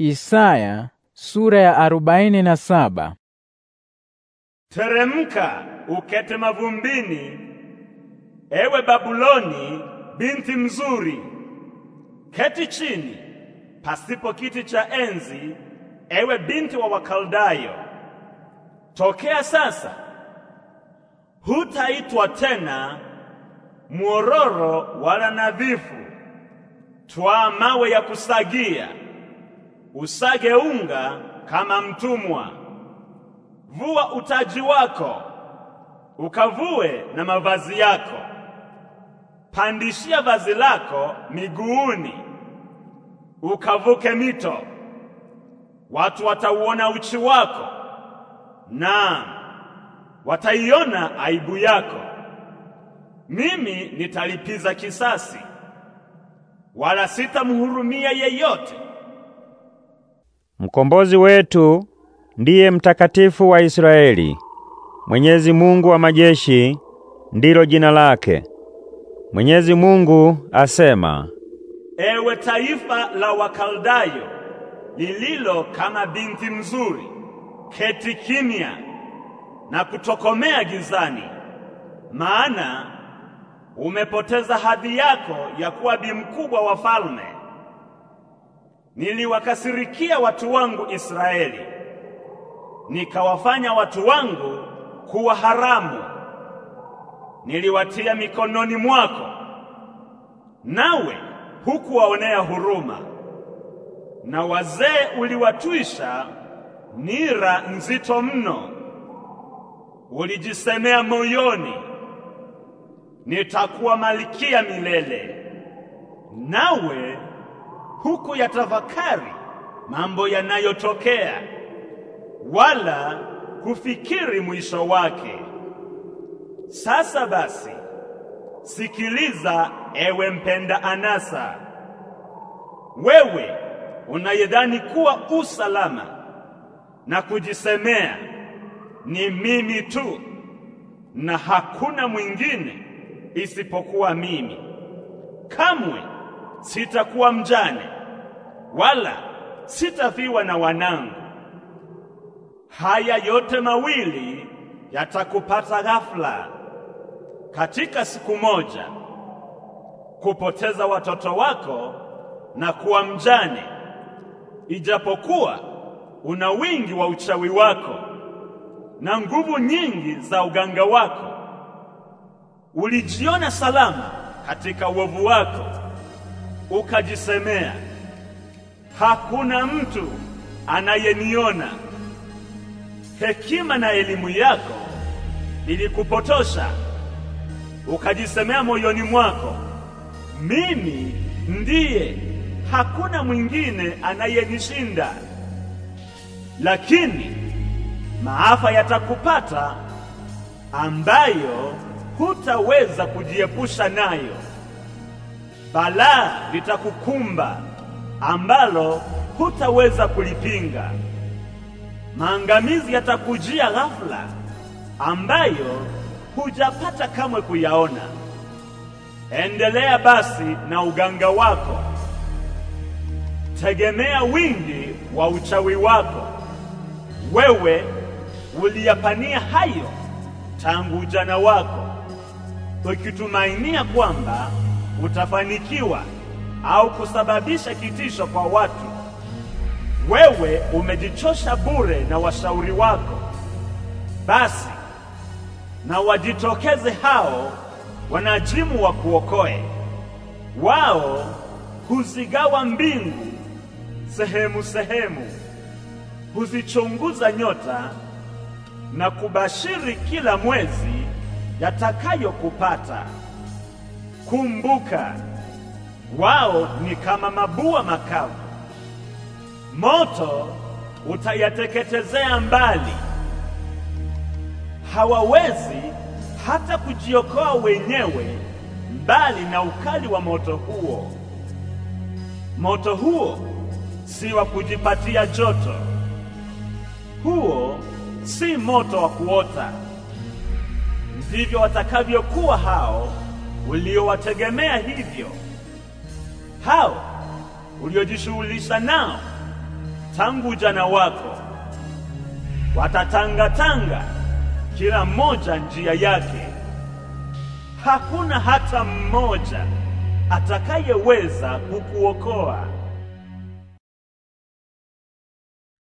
Isaya sura ya arobaini na saba. Teremka ukete mavumbini, ewe Babuloni binti mzuri, keti chini pasipo kiti cha enzi, ewe binti wa Wakaldayo. Tokea sasa hutaitwa tena mwororo wala nadhifu, twaa mawe ya kusagia usage unga kama mtumwa, vua utaji wako ukavue na mavazi yako, pandishia vazi lako miguuni, ukavuke mito. Watu watauona uchi wako, na wataiona aibu yako. Mimi nitalipiza kisasi, wala sitamhurumia yeyote Mkombozi wetu ndiye mtakatifu wa Israeli. Mwenyezi Mungu wa majeshi ndilo jina lake. Mwenyezi Mungu asema, ewe taifa la Wakaldayo lililo kama binti mzuri, keti kimya na kutokomea gizani, maana umepoteza hadhi yako ya kuwa bi mkubwa wa falme. Niliwakasirikia watu wangu Israeli, nikawafanya watu wangu kuwa haramu. Niliwatia mikononi mwako, nawe hukuwaonea huruma, na wazee uliwatwisha nira nzito mno. Ulijisemea moyoni, nitakuwa malikia milele, nawe huku yatafakari mambo yanayotokea wala kufikiri mwisho wake. Sasa basi, sikiliza ewe mpenda anasa, wewe unayedhani kuwa usalama na kujisemea ni mimi tu na hakuna mwingine isipokuwa mimi, kamwe sitakuwa mjane wala sitafiwa na wanangu. Haya yote mawili yatakupata ghafla katika siku moja, kupoteza watoto wako na kuwa mjane, ijapokuwa una wingi wa uchawi wako na nguvu nyingi za uganga wako. Ulijiona salama katika uovu wako ukajisemea, hakuna mtu anayeniona. Hekima na elimu yako ilikupotosha, ukajisemea moyoni mwako, mimi ndiye, hakuna mwingine anayenishinda. Lakini maafa yatakupata ambayo hutaweza kujiepusha nayo balaa litakukumba ambalo hutaweza kulipinga. Maangamizi yatakujia ghafla ambayo hujapata kamwe kuyaona. Endelea basi na uganga wako, tegemea wingi wa uchawi wako. Wewe uliyapania hayo tangu ujana wako, ukitumainia kwamba utafanikiwa au kusababisha kitisho kwa watu. Wewe umejichosha bure na washauri wako. Basi na wajitokeze hao wanajimu wa kuokoe. Wao huzigawa mbingu sehemu sehemu, huzichunguza nyota na kubashiri kila mwezi yatakayokupata. Kumbuka, wao ni kama mabua makavu, moto utayateketezea mbali. Hawawezi hata kujiokoa wenyewe mbali na ukali wa moto huo. Moto huo si wa kujipatia joto, huo si moto wa kuota. Ndivyo watakavyokuwa hao uliowategemea hivyo, hao uliojishughulisha nao tangu ujana wako, watatangatanga kila mmoja njia yake, hakuna hata mmoja atakayeweza kukuokoa.